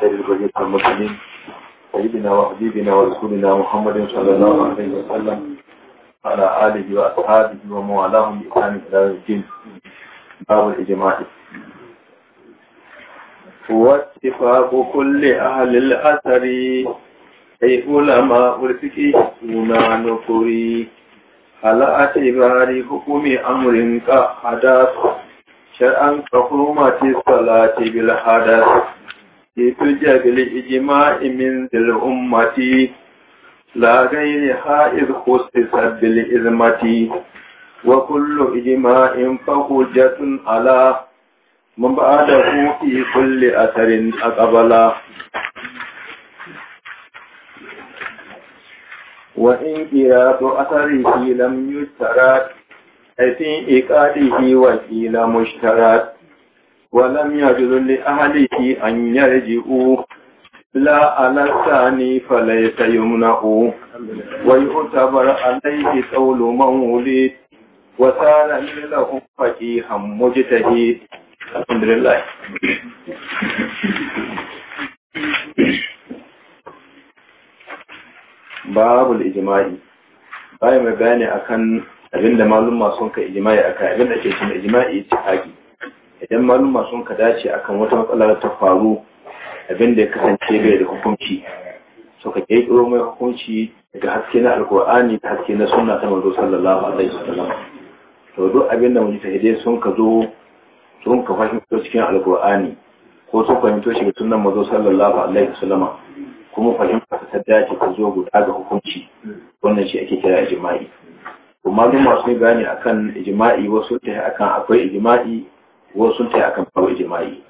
خير البريد المسلمين سيدنا وحبيبنا ورسولنا محمد صلى الله عليه وسلم على آله وأصحابه وموالاهم بإحسان إلى الدين باب الإجماع واتفاق كل أهل الأثر أي علماء الفقه هنا نفري على اعتبار حكم أمر كحدث شرعا كحرمة الصلاة بالحدث يتجه بالإجماع من الأمة لا غيرها إذ خصص بالإذمة وكل إجماع فحجة على من بعده في كل أثر أقبلا وإن قياد أثره لم يشترط أي في إيقاده وكيل مشترك ولم يجد لأهله أن يرجئوا لا على الثاني فليس يمنع ويعتبر عليه قول من ولد وسال له فقيها مجتهد الحمد لله babu ijma'i bayan mai bayani akan abinda malumma sun ka ijma'i akan abinda ake cin ijma'i ittifaqi idan maluma sun ka dace akan wata matsala ta faru abin da ya kasance bai da hukunci so ka kirkiro mai hukunci daga haske na alkur'ani da haske na sunna ta manzo sallallahu alaihi wasallam to duk abin da mujtahidai sun ka zo sun ka fahimto cikin alkur'ani ko sun fahimto shi ga sunnan manzo sallallahu alaihi wasallam kuma fahimta ta dace ka zo guda ga hukunci wannan shi ake kira ijma'i kuma duk masu bayani akan ijma'i wasu ta akan akwai ijma'i wasu sun ta akan bawai jima'i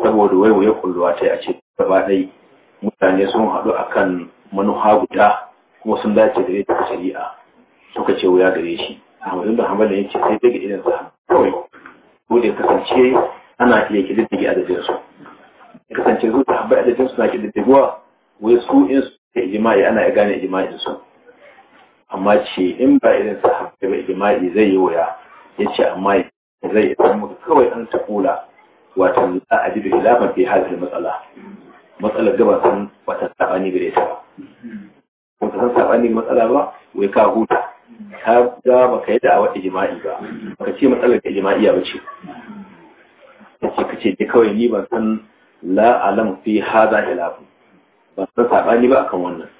saboda wai wuya kulluwa ta a ce gaba dai mutane sun haɗu akan manuha guda kuma sun dace da yadda shari'a suka ce wuya gare shi Ahmadu da Hamal ne ce sai daga irin sa kawai ko da kasance ana iya kididdige adadin su kasance su ta haɓar adadin su na kididdigowa wai su in su ta jima'i? ana ya gane ijma'in su amma ce in ba irin sa haɓar ba zai yi wuya ya ce amma ya zai samu kawai an taƙula wato za a ji da hilafan fi hazin matsala matsalar gaba sun wata saɓani gare ta ba wata san saɓani matsala ba wai ka huta ka ga ba ka yi da awa ijima'i ba ka ce matsalar ka ijima'iya ba ce ka ce ka kawai ni ban san la'alam fi haza hilafin ba san saɓani ba akan wannan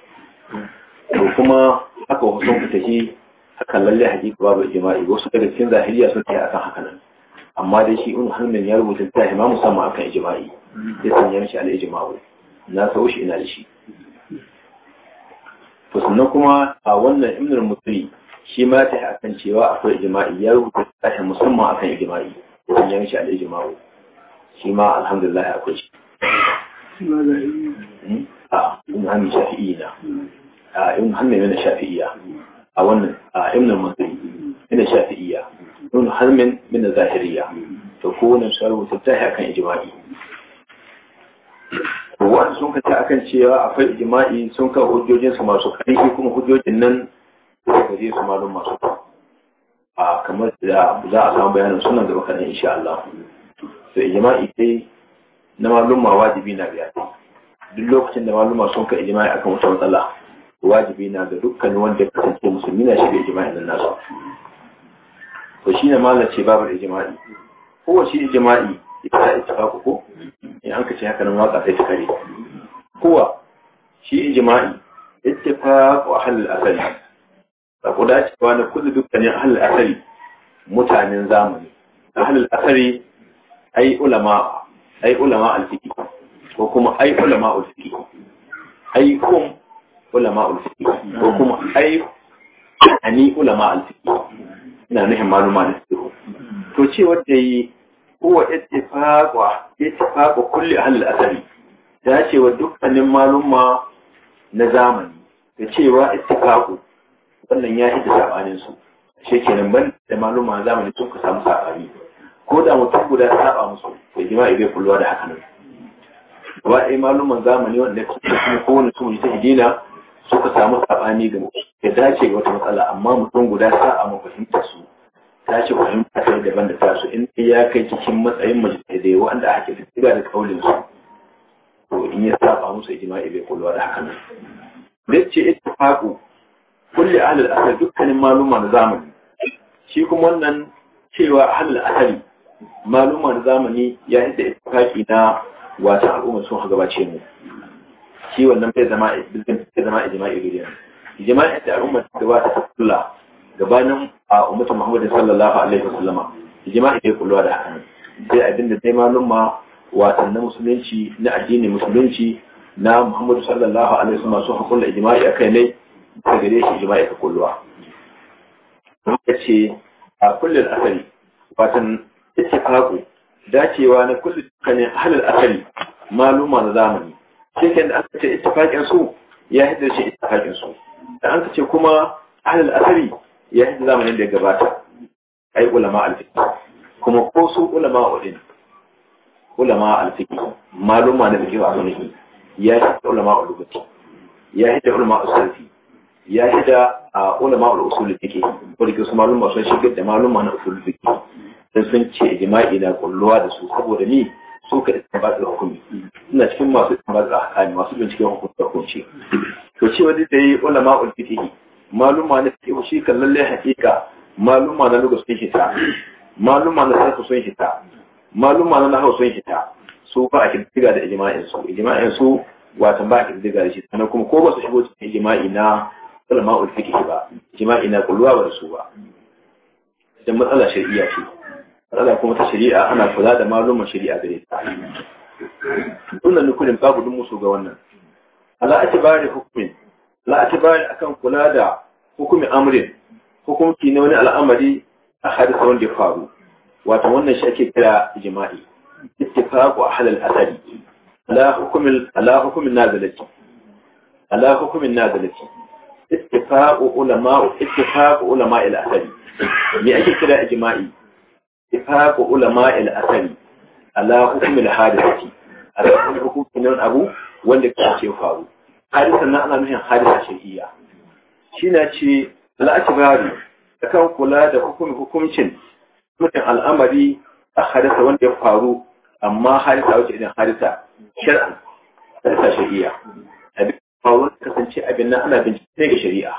to kuma haka wasu sun fita shi hakan lalle hakika babu jima'i, wasu daga cikin zahiriya sun a kan haka nan amma dai shi in hannun ya rubuta ta ma musamman akan ijma'i ya sanya mishi al ijma'u na sau shi ina da shi to sannan kuma a wannan ibnul mutri shi ma ta akan cewa akwai ijma'i ya rubuta ta musamman akan ijma'i ya sanya mishi al ijma'u shi ma alhamdulillah akwai shi a hmm? ah, ibn hamid shafi'i na a ah, ibn hamid shafi'iya a wannan a imnan masai ina shafi'iyya nuna halmin min zahiriya to kowane sharu ta tahi akan ijma'i wa'an sun kace akan cewa akwai ijima'i sun kawo hujjojin su masu ƙarfi kuma hujjojin nan ba zai su malum masu a kamar da za a samu bayanin suna gaba kaɗan insha Allah to ijima'i dai na malum wajibi na biya duk lokacin da maluma sun ka ijima'i akan wata matsala wajibi na ga dukkan wanda ka musulmi na shi da jima'i nan nasu to shi ne malar ce babu ijma'i kowace ijma'i ita ta ittifaqu ko in an kace haka nan waka sai ta kare kowa shi ijma'i ittifaqu ahlul asali ta kuda cewa na kullu dukkanin ahlul asali mutanen zamani ahlul asali ai ulama ai ulama al-fiqh ko kuma ai ulama al-fiqh ai hum ulama al-fiqh ko kuma ai ani ulama al ina nufin maluma na fiqh to ce wanda yi huwa ittifaqu ittifaqu kulli ahli al asari. ta ce wa dukkanin maluma na zamani da cewa ittifaqu wannan ya hidda sabanin su shi kenan ban da maluma na zamani sun ka samu sabani ko da mutum guda saba musu da jima'i bai kulluwa da haka nan ba ai maluman zamani wanda kuma kowane su ta hidina suka samu sabani ga ya dace wata matsala amma mutum guda sa a mafahimta su ta ce fahimta ta daban da tasu in ya kai cikin matsayin yawa wanda ake fitiga da kaulin su to in ya saba musu ijma'i bai kulwa da haka nan ita ce kulle a ahlul asali dukkanin maluma na zamani shi kuma wannan cewa ahlul asali, maluma na zamani ya yi da faɗi na wata al'umma sun bace mu shi wannan bai zama bai zama ijma'i duniya ijma'i da al'umma da ba ta kula gabanin a ummatu Muhammadu sallallahu alaihi wasallama ijma'i bai kula da hakan sai abin da sai malum ma watan musulunci na addinin musulunci na Muhammadu sallallahu alaihi wasallama su hakula ijma'i akai ne ta gare shi ta kula. kulluwa ce a kullun asali watan ittifaqu dacewa na kullu dukkanin halal asali maluma na zamani cikin da aka ce ittifaqin su ya hidda shi ittifaqin su da an ce kuma ahlul asari ya hidda zamanin da ya gabata ai ulama al-fiqh kuma ko su ulama ulin ulama al-fiqh maluma da fiqh sunni ya hidda ulama al-lugati ya hidda ulama al-sarfi ya hidda ulama al-usul fiqh wanda su maluma sun shigar da maluma na usul fiqh sun ce ijma'i na kulluwa da su saboda ni sun ka istinbat da hukumi ina cikin masu istinbat da hakami masu binciken hukunci hukunci to ce wani da yi ulama ulfiqi maluma na fiqh shi kan lalle hakika maluma na lagos sun hita maluma na sarku sun hita maluma na nahau sun hita su ba a kiddiga da ijma'in su ijma'in su wata ba a kiddiga da shi sannan kuma ko ba su shigo cikin ijima'i na ulama ulfiqi ba ijma'i na kulluwa ba su ba dan matsala shari'a ce matsala kuma ta shari'a ana kula da malumman shari'a gare ta nuna nukunin babu dun musu ga wannan ala atibari hukumin ala atibari akan kula da hukumin amrin hukunci na wani al'amari a hadisa wanda ya faru wato wannan shi ake kira jima'i ittifaqu ahli al-asari ala hukumin ala hukumin nazalati ala hukumin nazalati ittifaqu ulama ittifaqu ulama al-asari me ake kira ijma'i ittifaq ulama al-asali ala hukm al-hadisi ala hukumin abu wanda ke ce faru hadisan nan ana nufin hadisa shari'a shi ce al-akbari akan kula da hukumin hukuncin mutum al'amari a hadisa wanda ya faru amma hadisa wace idan hadisa shar'an hadisa shari'a abin faruwar kasance abin nan ana bincike ga shari'a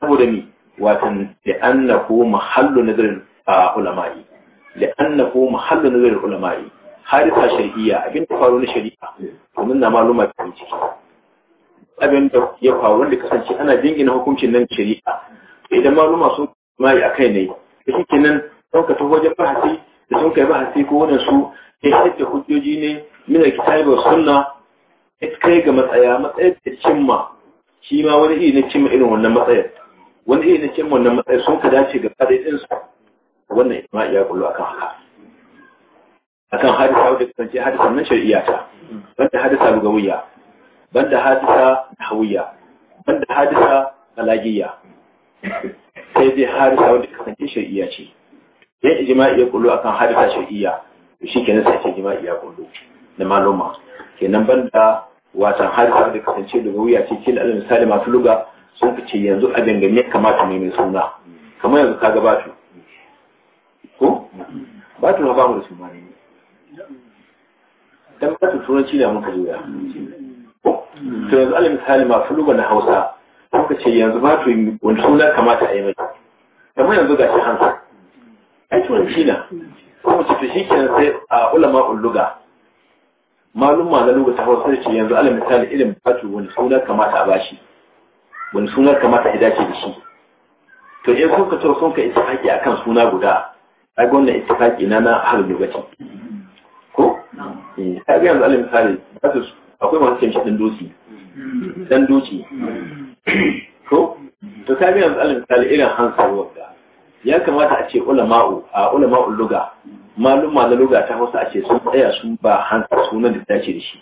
saboda ni watan da annahu mahallu nazarin a ulama'i لأنه محل نظر العلماء حادثة شرعية أبين تفارون شريعة ومننا معلومة تنجي abin da ya faru wanda kasance ana jingina hukuncin nan shari'a idan maluma sun mai a kai ne da shi kenan sun ka tafi wajen bahasi da sun kai bahasi ko wannan su ya hidda hujjoji ne min alkitabi wa sunna it kai ga matsaya matsayar da cimma shi ma wani iri na cimma irin wannan matsayar wani iri na cimma wannan matsayar sun ka dace ga kadai wannan ijma'i ya kullu akan haka akan hadisa wadda kasance hadisa nan shari'a ta banda hadisa lugawiyya banda hadisa nahawiyya banda hadisa balagiyya sai dai hadisa wadda kasance shari'a ce sai ijma'i ya kullu akan hadisa shari'a to shikenan sai ce ijma'i ya kullu da maluma kenan banda watan hadisa wadda kasance lugawiyya ce kila alal misali masu luga sun fice yanzu abin da ne kamata mai mai suna kamar yanzu ka gabatu ko ba ta ba mu da su ne dan ba ta turanci da muka juya ko to yanzu alim misali ma fuluba na Hausa muka ce yanzu ba to wani suna kamata a yi mai kamar yanzu ga shi hanka ai turanci na kuma ce shi kenan sai a ulama ulluga malum ma na luga ta Hausa ce yanzu alim misali irin ba to wani suna kamata a bashi wani suna kamata ya dace da shi to kuka sun ka to sun ka isa haƙi akan suna guda kaga wannan ittifaqi na na ahlul lokaci? ko eh kaga yanzu alal misali zasu akwai masu cin dan doci dan doci ko to kaga yanzu alal misali irin hansar wanda, ya kamata a ce ulama'u a ulama'ul luga maluma na luga ta Hausa a ce sun tsaya sun ba hansa sunan da tace da shi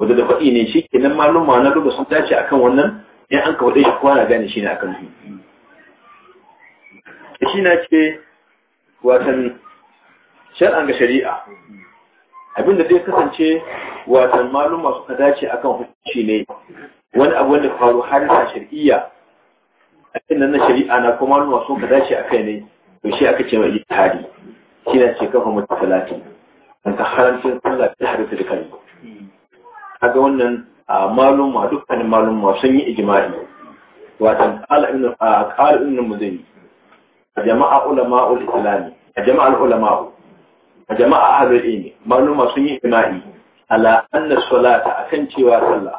wanda da faɗi ne shi kenan maluma na luga sun dace akan wannan in an kawo dai shi kowa na gane shi ne akan shi shi na ce watan shar'an ga shari'a Abin da zai kasance watan maluma suka dace akan hukunci ne wani abu wanda faru har sa shari'a a cikin na shari'a na kuma maluma sun ka dace a kai ne to shi aka ce mai ijtihadi shi na ce kafa mutu talatin an ka haramcin sallah ta harfi da kai kaga wannan a maluma dukkanin maluma sun yi ijma'i watan qala ibn qala ibn muzani jama'a ulama ul-islami a Jama'a ulama a jama'a ahlul ilmi manoma sun yi imani ala anna salata kan cewa sallah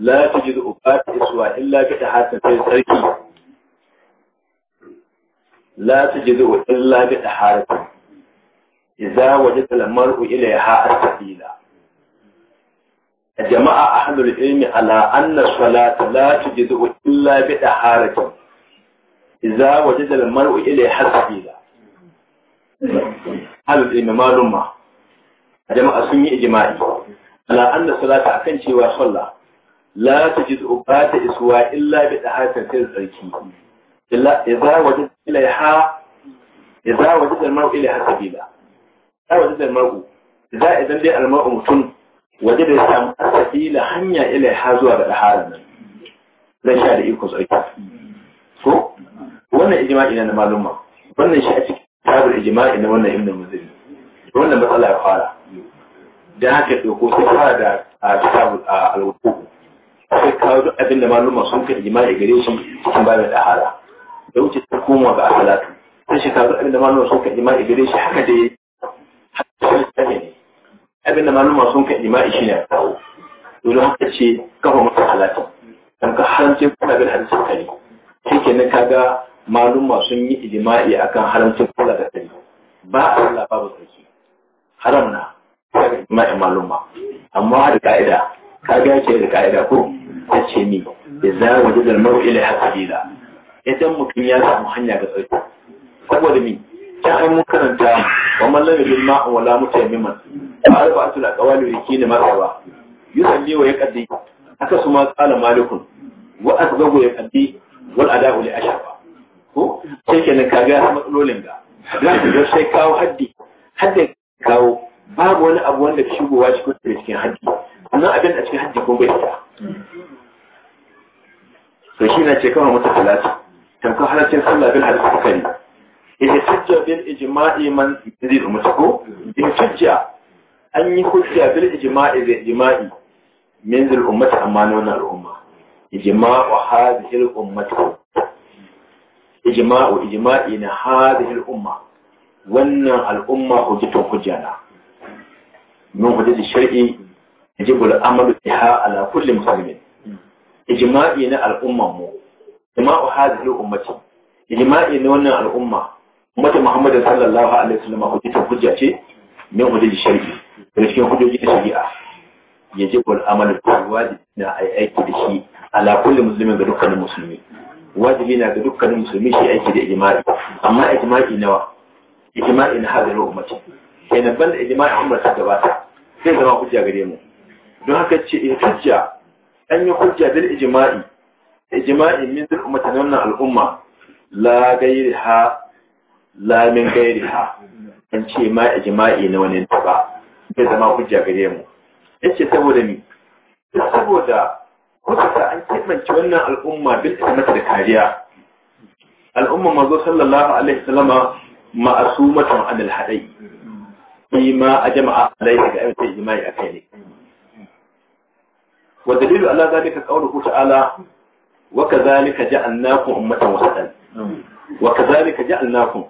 la tajid ubat iswa illa bi tahatta sai sarki la tajid illa bi taharati idza wajada al-mar'u ilayha as A jama'a ahlul ilmi ala anna salata la tajid illa bi taharati idza wajada al-mar'u ila hasbila hal in malum ma jama'a sun yi ijma'i ala anna salata akan cewa sallah la tajidu bata iswa illa bi dahatin sai tsarki illa idza wajada ilaiha idza sabila idza wajada al-mar'u idza idan dai al-mar'u mutun wajada ya samu sabila hanya ilaiha zuwa ga nan da iko tsarki wannan ijma'i na malumma wannan shi a cikin tabul ijma'i na wannan ibnu wannan matsala ya fara dan haka doko sai fara da tabul al-wudu sai kawo duk abin da malumma sun kai ijma'i gare shi dahara da wuce ta koma ga asalatu sai shi kawo abin da sun kai ijma'i gare shi haka dai abin da malumma sun kai ijma'i shine a kawo dole haka ce kafa masa halatu dan ka haramce kuma bin hadisin kare kenan kaga malumma sun yi ijma'i akan haramcin kula da tsari ba Allah babu tsarki haram na ijma'in malumma amma da ka'ida ka ga ce da ka'ida ko ta ce ni idza wajada al-mar'u ila sabila idan mutum ya samu hanya ga tsarki saboda ni ta ai mun karanta wa man lam yajid ma'an wala mutaymiman fa da aqwali ba. Yi yusalli wa yaqdi aka suma qala malikun wa asbagu yaqdi wal ada'u li ashaba ko sai kenan ka ga matsalolin ga za ka ga sai kawo haddi haddin kawo babu wani abu wanda ke shigowa cikin da cikin haddi sannan abin a cikin haddi ko bai fita to shi na ce kawai mutu talatu tamkar halaccin sallah bil hadisi kari idan tajja bil ijma'i man zai mutu ko idan tajja an yi hujja bil ijma'i da ijma'i min zil ummati amma na wannan al'umma ijma'u hadhihi al ummati ijma'u ijma'i na hadhihi al-umma wannan al'umma umma hujjatun hujjana min hujjati shar'i yajibu al-amalu biha ala kulli muslimin ijma'i na al-umma mu ijma'u hadhihi al-ummati ijma'i na wannan al'umma umma ummati muhammadin sallallahu alaihi wasallam hujjatun hujja ce min hujjati shar'i da cikin hujjoji ta shari'a yajibu al-amalu bihi wajibi na aiki da shi ala kulli muslimin ga dukkanin musulmi wajibi na ga dukkanin musulmi shi aiki da ijma'i amma ijma'i nawa ijma'i na hadin ummati kenan banda ijma'i Umar ta gabata sai zama hujja gare mu don haka ce in eh, hujja an yi hujja bil ijma'i ijma'i min duk ummati na wannan al'umma la ha la min ha an ce ma ijma'i na wani ta ba sai zama hujja gare mu yace saboda ni saboda kusa an keɓance wannan al'umma bil mata da kariya al'umma mazo sallallahu alaihi wasallama ma'asumatun anil hadai a jama'a alaihi ga ayyukan ijma'i akai ne wa dalilu ala zalika qawluhu ta'ala wa kadhalika ja'alnakum ummatan wasatan wa kadhalika ja'alnakum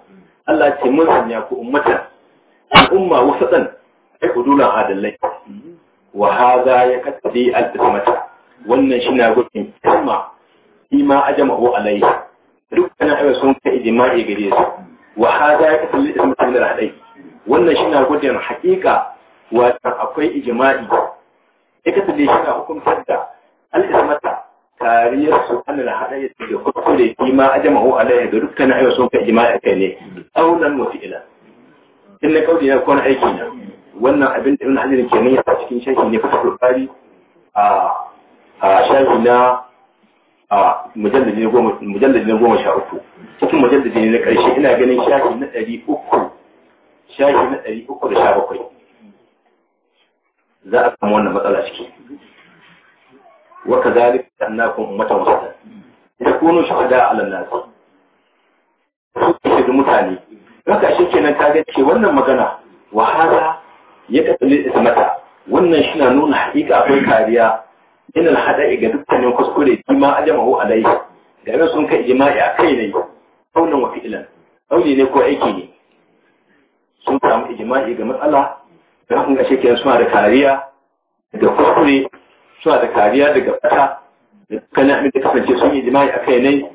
Allah ce mun sanya ku ummatan al'umma wasatan ai hudulan adalai wa hadha yakaddi al-ismata wannan shi na rufin kalma shi ma ajama ko alai dukkanin ayyuka sun kai jima'i gare su wa hada ya kasance ismu tamilar hadai wannan shi na gudun haƙiƙa, wata akwai ijma'i ya kasance shi na hukuntar da al'ismata kariyar su tamilar hadai da kuskure shi ma ajama ko alai da dukkanin ayyuka sun kai ijma'i kai ne aulan wa fi'ila in na kauli na kwana aiki na wannan abin da ibn hajar kenan ya cikin shakin ne fatul bari a a shafi na a mujallaji na goma sha uku cikin mujallaji ne na ƙarshe ina ganin shafi na ɗari uku shafi na ɗari uku da sha bakwai za a samu wannan matsala ciki wa kazalika annakum ummatan wasata yakunu shuhada ala nas su ke mutane haka shi kenan ta ga ce wannan magana wahala ya kasance ismata wannan shi na nuna hakika akwai kariya min al-hada'i ga dukkanin kuskure bima ajmahu alai da nan sun kai jima'i a kai ne kaunan wa fi'lan kauli ne ko aiki ne sun samu ijma'i ga matsala da kun ga shekiyar suna da kariya da kuskure suna da kariya daga fata da dukkanin abin da kasance sun jima'i a kai ne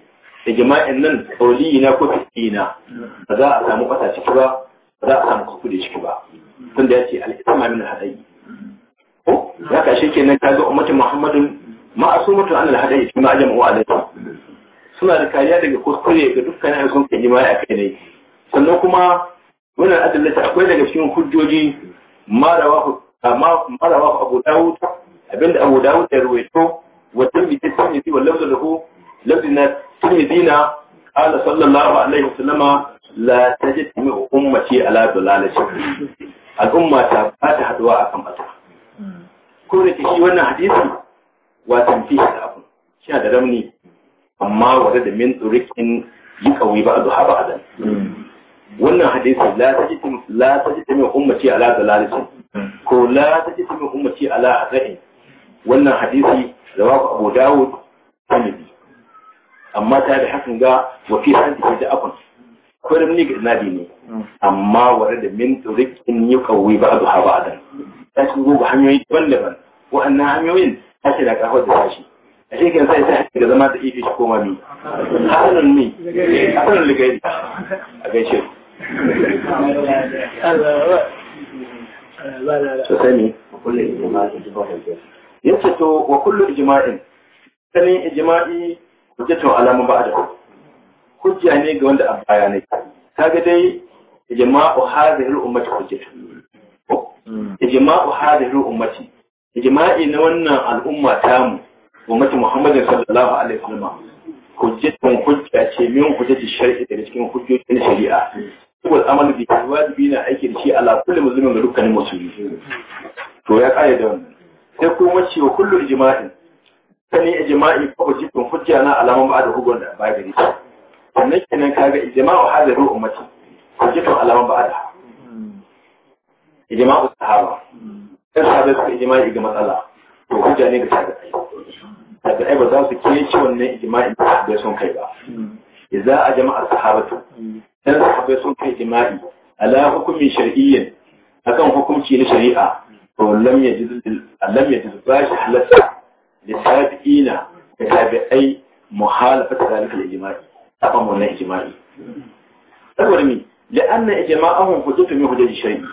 da ijma'in nan kauli na ko fi'ina na ba za a samu fata ciki ba ba za a samu kuskure ciki ba tunda ya ce al-isma min al-hada'i ko za ka shi kenan kaga ummatu muhammadin ma'asumatu an al-hadayi kuma ajma'u alaiha suna da kariya daga kuskure ga dukkan ayyukan kan jima'i akai ne sannan kuma wannan adalata akwai daga cikin hujjoji marawa marawa abu dawud abinda abu dawud ya ruwaito wa tirmidhi tirmidhi wa lafzu lahu lafzina tirmidhi na qala sallallahu alaihi wasallam la tajtami ummati ala dalalati al-umma ta ba ta haduwa akan bata ko da shi wannan hadisi watan fi da abu shi da ramni amma wadda da min turikin yi kawai ba a zuha ba adan wannan hadisi la tajidu la tajidu min ummati ala dalalatin ko la tajidu min ummati ala azai wannan hadisi rawahu abu dawud tirmidhi amma ta da hakan ga wa fi hadisi da akun ko ramni ga nabi ne amma ware da min turikin yi kawai ba a duha ba a ta ci gobe hanyoyi daban-daban wa'annan hanyoyin ta ce da kafar da tashi a shekin sai sai haka da zama ta ife shi koma mi hannun mi hannun ligari a gaishe sosai ne ya ce to wa kullu ijma'in sani ijma'i hujjatun alamun ba da hujja ne ga wanda a baya ne kaga dai ijma'u hadhihi al-ummati hujjatun mm. ijma'u hadhihi al-ummati ijma'i na wannan al'umma mu, ummati Muhammadin sallallahu alaihi wasallam hujjatun hujja ce min hujjati shar'i daga cikin hujjojin shari'a wal amalu bi wajibi na aiki shi ala kulli muslimin ga dukkanin musulmi to ya kare da wannan sai kuma ce wa kullu ijma'in sani ijma'i ko hujjatun hujja na alaman ba da da ba gari sannan kenan kaga ijma'u hadhihi al-ummati hujjatun ala man ba'da ijma'u sahaba sai sahabbai suka ijma'i ga matsala to hujja ne ga tabi'ai tabi'ai ba za su keci wannan ijma'in da sahabbai sun kai ba idza ajma'a sahabatu sai sahabbai sun kai ijma'i ala hukumi shar'iyyin akan hukunci na shari'a to lam yajiz lam yajiz ba shi halatta da tabi'ina da tabi'ai muhalafata zalika al-ijma'i akan wannan ijma'i saboda ni لأن إجماعهم حجة من حجج الشريعة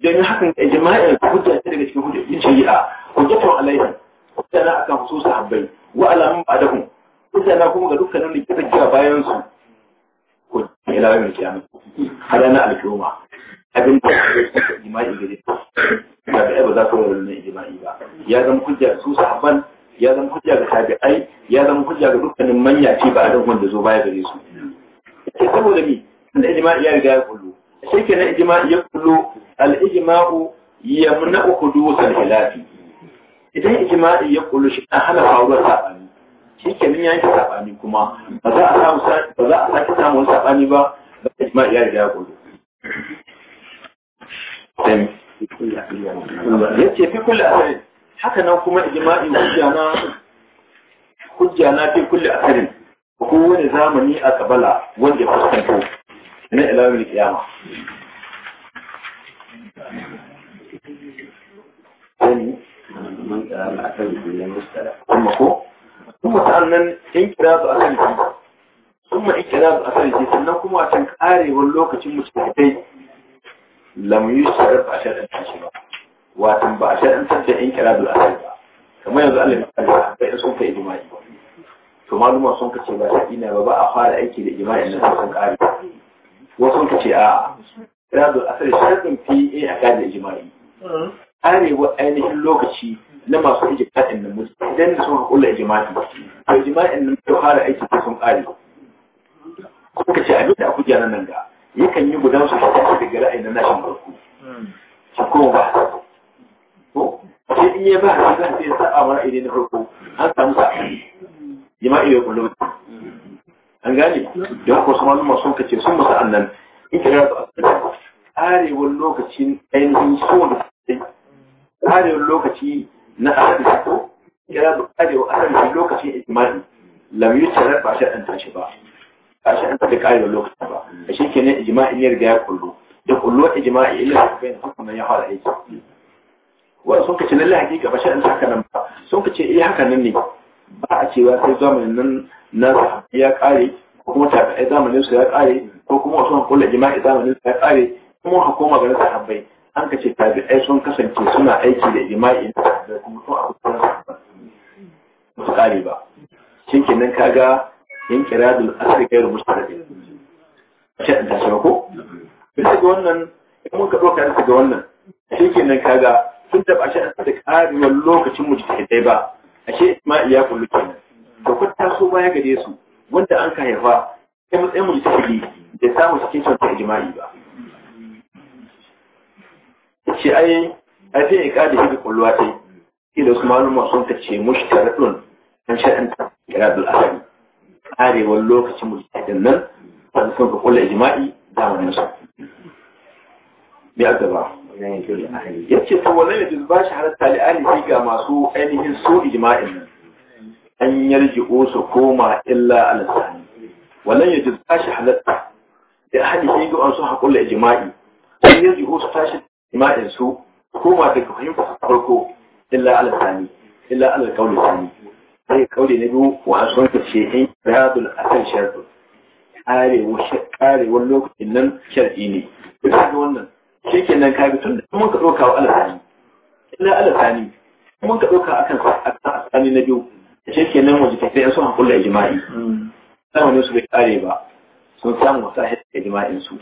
لأن حقا إجماع حجة تلك من شريعة حجة عليهم وكان أكا خصوص حبين وعلى من بعدهم إذا نقوم قدوك أنه يتفجع بايانسو حجة إلى يوم القيامة هذا أنا أعرف يوم abin da imaji gare ba da ba za ka wani wannan ijma'i ba ya zama hujja su sahabban ya zama hujja ga ya zama hujja dukkanin manya ba a dan wanda zo baya gare su saboda me الإجماع يرجع يقولوا شكل الإجماع يقولوا الإجماع يمنع حدوث الخلاف idan ijma'i ya kullu shi an hana faruwar sabani shi ke nan yanke sabani kuma ba za a samu ba za a ba ya ya fi kulli asarin haka nan kuma ijma'i hujja na fi kulli asarin ko wani zamani a kabala wanda fuskanto نقلة يوم القيامة ثاني ثم سألنا انقراض أكل الجنس ثم انقراض أكل الجنس لكم وعشان قاري واللوكة المستلفين لم يشترط عشان الحشي وعشان بعشان أنت في انقراض الأكل كما يقول المثال بأسهم في إجماعي ثم معلومة صنكة شباشة إنا وبقى خارج أيكي لإجماعي أنه سنقاري wasu ka ce a razu asali sharadin fi a kada ijma'i mm-hmm. arewa ainihin lokaci na masu ijima'in na musu idan da sun kula ijima'i to ijima'in nan to fara aiki ta sun kare ka ce abin da akuja nan nan ga yakan yi gudan su ta daga ra'ayi na nashin farko mm-hmm. su kuma ba ko sai in ya ba su za su yi sa'a mara ne na farko an samu sa'a ijima'i ya kullu an gane don ko su malumma sun kace sun musu annan in kira su asali arewar lokacin ainihin son arewar lokaci na asali ko kira su arewar asali lokacin ijmani lam yi ba shi an tashi ba ba shi an tashi karewar lokacin ba a shi kenan ijma'i ne riga ya kullu da kullu ijma'i illa su bayan hukumar ya fara aiki Wa sun kace lallai hakika ba shi an haka nan ba sun kace eh haka nan ne ba a cewa sai zamanin nan na ya kare ko kuma tabi'ai zamanin su ya kare ko kuma wasu kula jima'i zamanin su ya kare kuma koma ga nasa habbai an kace tabi'ai sun kasance suna aiki da jima'i da kuma a abu ba su kare ba shi kenan kaga yin kiradul asri kai rubuta da shi da shi ko bisa ga wannan in mun ka doka ga wannan shi kenan kaga tun da ba shi da karewar lokacin mu jihadai ba ashe ma iya kullu kenan da ku taso baya gare su wanda an ka haifa sai matsayin mu tafi da samu cikin son ta ijma'i ba ce ai ai da iqadi shi kulluwa ce da Usman mu sun ta ce mushtaratun an sha'an ta iradul ahadi arewar lokacin da nan sun ka kullu ijma'i zamanin su bi azaba ya ce saboda ya ba shi halatta li ahlihi ga masu ainihin su ijma'in an yarji su koma illa al-sani wannan ya ba shi halatta da ahlihi ga an su haƙulla ijma'i an yarji'u su tashi ijma'in su koma daga fahimta farko illa al-sani illa al-qawli sani sai kauli na biyu wa sun ce in radul asal shartu karewar lokacin nan shar'i ne bisa ga wannan shi ke nan kafi tun da mun ka ɗauka wa alasani Ina alasani mun ka ɗauka akan alasani na biyu shi ke nan wajen tafiya sun haƙulla ijima'i zamanin su bai kare ba sun samu wasu ahiyar ijima'in su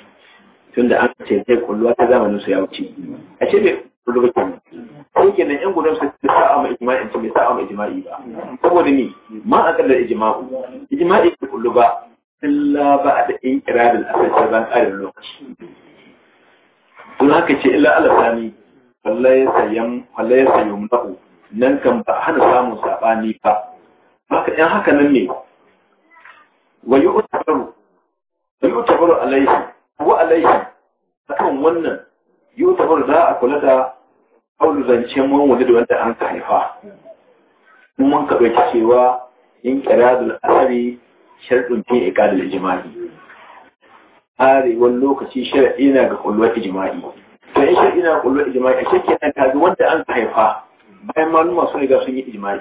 tun da an ce zai kulluwa ta zamanin su ya wuce a ce bai kullu ba ko ke nan yan gudan su bai sa'a ma ijima'in su bai sa'a ma ijima'i ba saboda ni ma a kallar ijima'u ijima'i bai kullu ba illa ba a da in kirarin a kan ban ƙarin lokaci in haka ce illa alasani fallaye sayan fallaye sayan nahu nan kan ba hana samun saɓani ba haka in haka nan ne wa yu'tabaru yu'tabaru alaihi wa alaihi a kan wannan yu'tabaru za a kula da kaulu zancen wani da wanda an haifa mun ka ɗauki cewa in qiradul asari shartun fi iqadul jima'i. wani lokaci shar'i na ga kulluwar ijma'i to in shar'i na kulluwar ijma'i a shekke nan kaji wanda an ka haifa bayan maluma sun riga sun yi ijma'i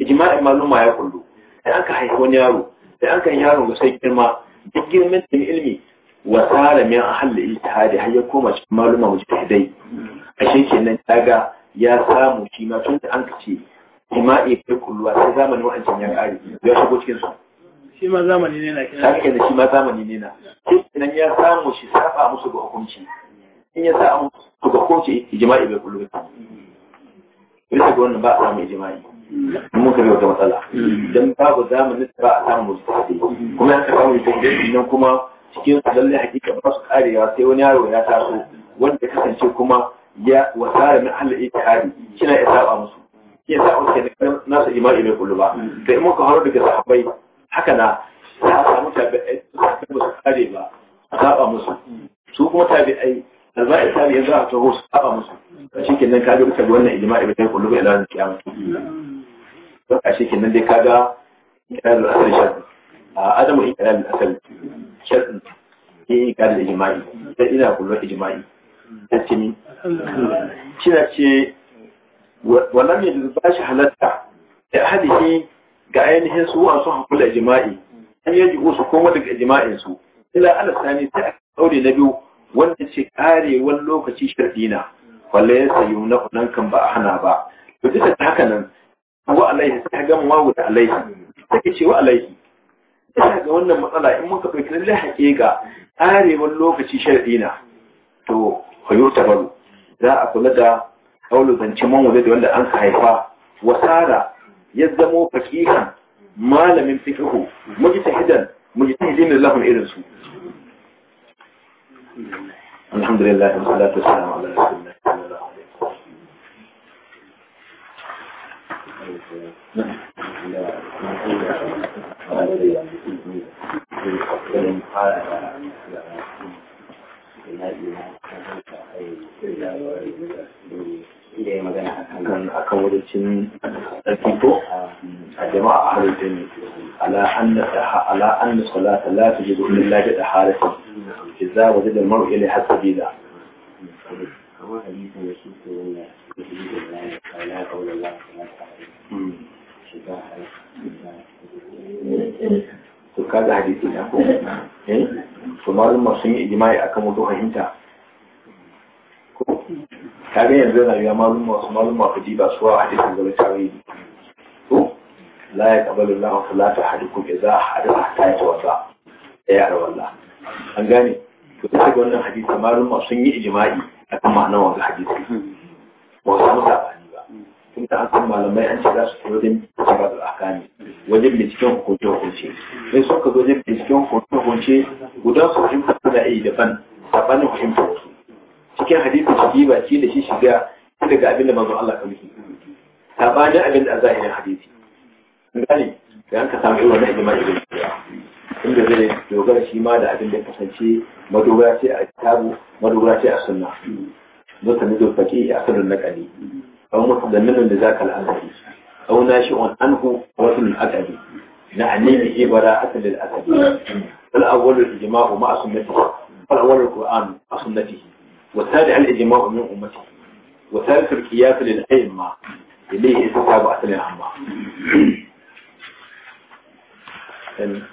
ijma'i maluma ya kullu da an ka haifi wani yaro sai an kan yaron ga sai girma duk girman da ilimi wa tsara min ita ijtihadi har ya koma cikin maluma mujtahidai a shekke nan kaga ya samu shi ma tun da an ka ce ijma'i kai kulluwa sai zamanin wa'ancin ya ƙare, ya shigo cikin shi ma zamani ne na kina da shi ma zamani ne na ya samu shi musu ga hukunci in ya ga hukunci bai kullu ba bisa ga wannan ba a samu mun kare wata matsala dan babu zamanin ba a samu kuma ya samu mujtahidi nan kuma cikin lalle hakika ba su karewa sai wani yaro ya taso wanda kasance kuma ya wasara na Allah ittihadi kina ya saba musu ya sa nasu bai kullu ba sai mun ka haro daga sahabbai haka na ya samu tabi'ai su ba su kare ba a saba musu su kuma tabi'ai da za a tabi yanzu a taho su saba musu a shi kenan ka ga kuka wannan ijma'i bai kullu bai lawan kiyama to a shi nan dai kaga kitabul asal shar a adamu ikram al asal shar eh kada ijma'i sai ina kullu ijma'i tace ni shi ce wannan ne da ba shi halatta da ahadihi ga ainihin su wasu hakula jima'i an yaji su koma daga ijma'in su ila alasani sai aka daure na biyu wanda ce karewar lokaci shardina walla ya sayu na nan kan ba a hana ba to duka ta haka nan wa alaihi sai ga mu da alaihi take ce wa alaihi ina ga wannan matsala in muka ɗauki lallai haƙiƙa karewar lokaci shardina to hayo tabaru za a kula da kaulu zance man wanda an haifa wasara يزدمو فكيه ما لم يمسكه مجتهدا مجتهدين الله من إذن الحمد لله والصلاة والسلام على رسول الله الله عليه وسلم kan akan wadacin الفقه الجماعة أهل العلم على أن على أن الصلاة لا تجب إلا جد حارسا إذا وجد المرء إليها سبيلا. to kaga hadisi na ko eh to malum sun yi ijma'i akan wato fahimta ko kaga yanzu na yi malum masu malum ma fadi ba su a hadisin gaba tarihi la eh, ya kabalu lahu salatu hadikum idza hadatha hatta yatawadda ya yara wallah an gane to shiga wannan hadisi malum sun yi ijma'i kan ma'anar wannan hadisi ba su musa ba tun da an malamai an ce za su koyo din sabar da akami wajen binciken hukunce hukunce sai suka zo wajen binciken hukunce hukunce guda su fahimta suna iya daban sabanin fahimta wasu cikin hadisin shi ba ce da shi shiga daga abin da manzon Allah ka miki sabanin abin da a zahirin hadisi gane da an ka samu irin wannan ijma'i da cewa inda zai dogara shi ma da abin da kasance madogara ce a kitabu madogara ce a sunna zata ne zuwa faƙi a sanar na ƙali an mutu da nanin da za ka la'akari an na shi on an ku wasu la'akari na annabi ibara asalin al'akari al'awwalar ijma'u ma a sunnati al'awwalar qur'an a sunnati wa tabi al-ijma'u min ummati wa tabi al-qiyas lil a'imma ilayhi tasabu asalin amma And.